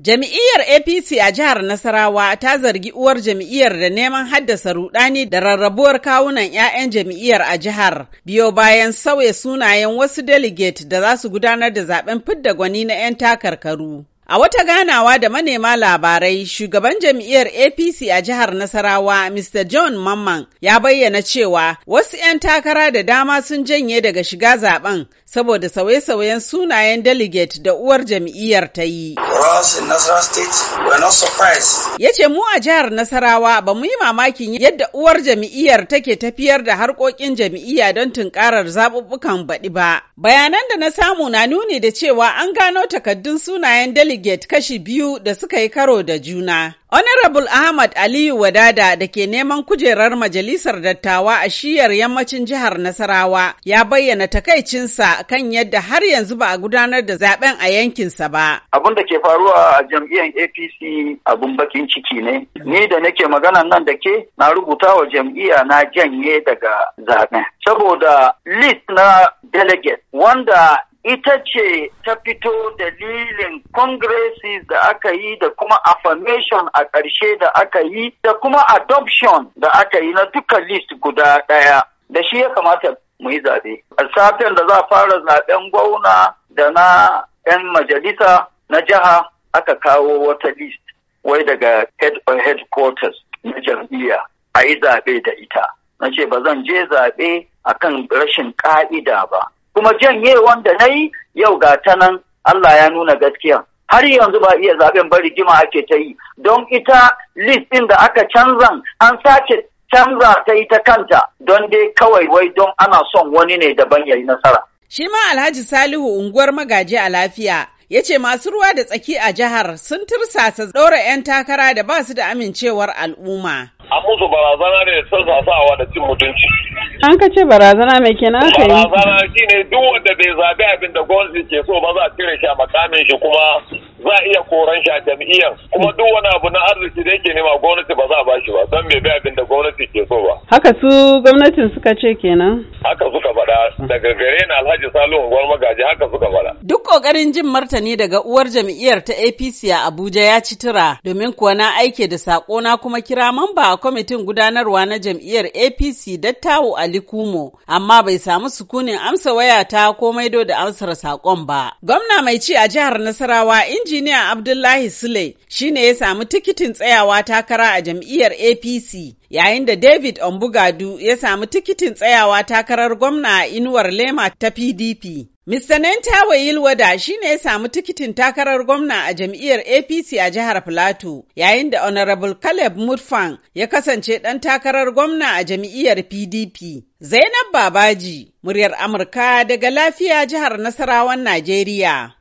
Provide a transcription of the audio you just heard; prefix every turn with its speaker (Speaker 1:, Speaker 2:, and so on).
Speaker 1: Jami'iyyar APC a jihar Nasarawa ta zargi uwar jami'iyyar da neman haddasa rudani da rarrabuwar kawunan 'ya'yan jami'iyyar a jihar biyo bayan sauya sunayen wasu delegate da za su gudanar da zaben fidda gwani na 'yan takarkaru. A wata ganawa da manema labarai, shugaban jam'iyyar APC a jihar Nasarawa, Mr. John Mamman, ya bayyana cewa wasu 'yan takara da dama sun janye daga shiga zaben saboda sauye-sauyen sunayen delegate da uwar jam'iyyar ta yi. Ya ce mu a jihar Nasarawa ba mu yi mamakin yadda uwar jam'iyyar take tafiyar da harkokin jam'iyya don tunkarar zaɓuɓɓukan baɗi ba. Bayanan da na samu na nuni da cewa an gano takaddun sunayen delegate Gate kashi biyu da suka yi karo da juna. Honorable Ahmad Aliyu Wadada da ke neman kujerar Majalisar Dattawa a shiyar yammacin jihar Nasarawa ya bayyana takaicinsa kan yadda har yanzu ba a gudanar da zaben a yankinsa ba.
Speaker 2: Abin da ke faruwa a jam'iyyar APC abun bakin ciki ne. Ni da nake magana nan da ke na rubuta wa jam'iyya na janye daga zaben. Saboda list na delegate wanda ita ce ta fito dalilin congresses da aka yi da kuma affirmation a ƙarshe da aka yi da kuma adoption da aka yi na duka list guda ɗaya da shi ya kamata mu yi zaɓe. A satin da za a fara zaɓen gwauna da na 'yan majalisa na jiha aka kawo wata list wai daga head or headquarters na jam'iyya a yi zaɓe da ita. Na ce ba zan je zaɓe akan rashin ƙa'ida ba. kuma janye wanda na yi yau ga ta nan Allah ya nuna gaskiya har yanzu ba iya zaben ba rigima ake ta yi don ita list ɗin da aka canza an sake canza ta ita kanta don dai kawai wai don ana son wani ne daban ya yi nasara.
Speaker 1: Shi ma Alhaji Salihu unguwar magaji a lafiya ya ce masu ruwa da tsaki a jihar sun tursasa ɗora 'yan takara da ba su da amincewar al'umma. an musu
Speaker 2: barazana ne da sassasawa da cin mutunci.
Speaker 1: An ka ce barazana mai kenan aka yi. Barazana shi ne duk wanda bai zaɓi abin da gwamnati ke so ba za
Speaker 2: a cire shi a makamin shi kuma za a iya koran shi a jam'iyyar kuma duk wani abu na arziki da yake nema gwamnati ba za a bashi ba don bai bi abin da gwamnati ke so ba.
Speaker 1: Haka su gwamnatin suka ce kenan.
Speaker 2: Haka suka daga gare ni alhaji salihu unguwar magaji haka suka fara.
Speaker 1: duk kokarin jin martani daga uwar jam'iyyar ta apc a abuja ya ci tura domin kuwa na aike da sako na kuma kira mamba a kwamitin gudanarwa na jam'iyyar apc dattawu ali kumo amma bai samu sukunin amsa waya ta ko maido da amsar sakon ba gwamna mai ci a jihar nasarawa injiniya abdullahi sule shine ya samu tikitin tsayawa takara a jam'iyyar apc yayin da david ombugadu ya samu tikitin tsayawa takarar gwamna a inu. inuwar lema ta PDP. Mr. Nentawa Yilwada shi ne ya samu tikitin takarar gwamna a jam'iyyar APC a jihar Filato, yayin da Honorable Caleb Mutfang ya kasance ɗan takarar gwamna a jam'iyyar PDP. Zainab Babaji, muryar Amurka daga lafiya jihar Nasarawan Najeriya.